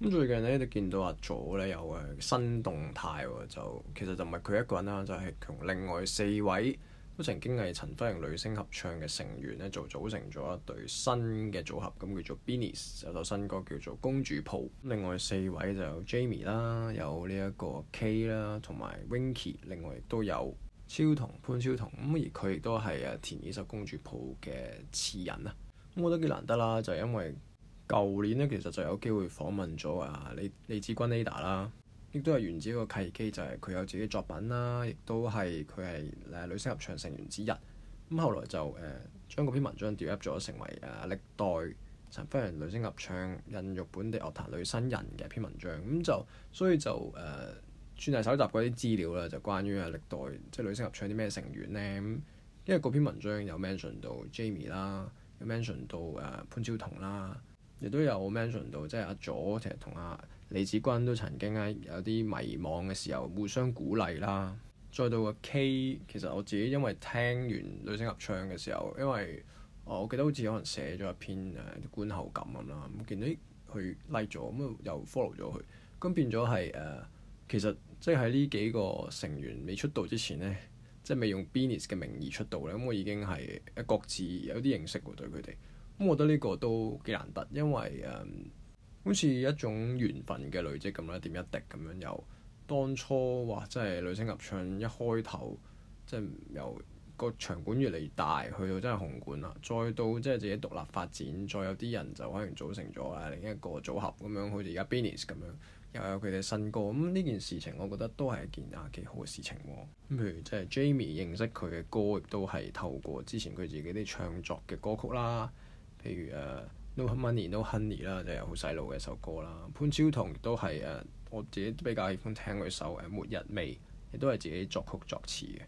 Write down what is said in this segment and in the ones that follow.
咁最近咧，你見到阿祖咧有誒新動態喎，就其實就唔係佢一個人啦，就係、是、同另外四位都曾經係陳輝陽女聲合唱嘅成員咧，就組成咗一隊新嘅組合，咁叫做 Beanies，有首新歌叫做《公主抱》。另外四位就有 Jaime 啦，有呢一個 Kay 啦，同埋 Winky，另外亦都有釗彤潘釗彤。咁而佢亦都係誒填呢首《公主抱》嘅詞人啊，咁我覺得幾難得啦，就因為。舊年咧，其實就有機會訪問咗啊李李子君 Ada 啦，亦都係源自一個契機，就係佢有自己作品啦，亦都係佢係誒女聲合唱成員之一。咁、嗯、後來就誒將嗰篇文章調入咗，成為誒、啊、歷代陳輝陽女聲合唱孕育本地樂壇女新人嘅一篇文章。咁、嗯、就所以就誒、呃、算係蒐集嗰啲資料啦，就關於誒、啊、歷代即係、就是、女聲合唱啲咩成員呢？嗯、因為嗰篇文章有 mention 到 Jamie 啦，有 mention 到誒潘釗彤啦。啦。亦都有 mention 到，即係阿佐其實同阿李子君都曾經喺有啲迷惘嘅時候互相鼓勵啦。再到阿 K，其實我自己因為聽完《女聲合唱》嘅時候，因為我記得好似可能寫咗一篇誒、呃、觀後感咁啦，咁見到佢 like 咗，咁又 follow 咗佢。咁變咗係誒，其實即係喺呢幾個成員未出道之前咧，即係未用 Beanies 嘅名義出道咧，咁我已經係誒各自有啲認識對佢哋。咁我覺得呢個都幾難得，因為誒、嗯、好似一種緣分嘅累積咁啦，一點一滴咁樣由當初哇，真係女聲合唱一開頭，即係由個場館越嚟越大，去到真係紅館啦。再到即係自己獨立發展，再有啲人就可能組成咗另一個組合咁樣，好似而家 Beanies 咁樣，又有佢哋新歌。咁、嗯、呢件事情我覺得都係一件啊幾好嘅事情喎、啊。譬如即係 Jaime 認識佢嘅歌，亦都係透過之前佢自己啲唱作嘅歌曲啦。譬如誒、啊《No Money No Honey》啦，就有、是、好洗腦嘅一首歌啦。潘釗彤都係誒我自己比較喜歡聽佢首嘅《末日未》，亦都係自己作曲作詞嘅。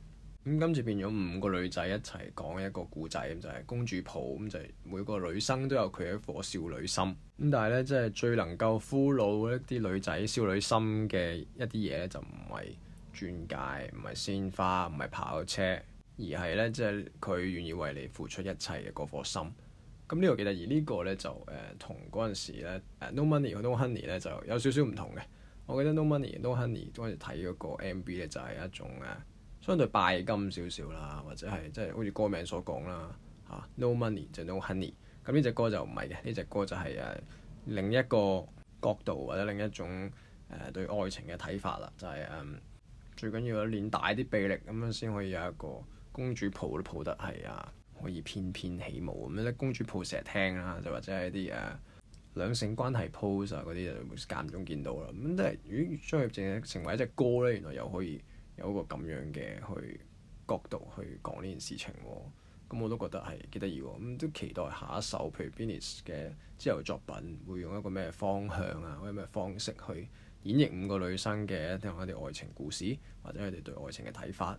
咁今次變咗五個女仔一齊講一個故仔，咁就係、是、公主抱咁，就是、每個女生都有佢嘅一顆少女心。咁、嗯、但係咧，即、就、係、是、最能夠俘虜一啲女仔少女心嘅一啲嘢咧，就唔係鑽戒，唔係鮮花，唔係跑車，而係咧即係佢願意為你付出一切嘅嗰顆心。咁、嗯這個這個、呢個記得，而呢個咧就誒同嗰陣時咧誒、啊、No Money No Honey 咧就有少少唔同嘅。我記得 No Money No Honey 嗰陣時睇嗰個 M B 咧就係、是、一種誒、啊、相對拜金少少啦，或者係即係好似歌名所講啦嚇。No Money 就 No Honey，咁呢隻歌就唔係嘅，呢隻歌就係、是、誒、啊、另一個角度或者另一種誒、啊、對愛情嘅睇法啦，就係、是、誒、嗯、最緊要咧練大啲臂力咁樣先可以有一個公主抱都抱得係啊！可以翩翩起舞咁咧，公主抱成日聽啦，就或者係一啲誒、啊、兩性關係 pose 啊嗰啲，間唔中見到啦。咁都係，如果將佢淨係成為一隻歌咧，原來又可以有一個咁樣嘅去角度去講呢件事情。咁、哦嗯、我都覺得係幾得意。咁、嗯、都期待下一首，譬如 Beanies 嘅之後作品，會用一個咩方向啊，或者咩方式去演繹五個女生嘅一啲愛情故事，或者佢哋對愛情嘅睇法。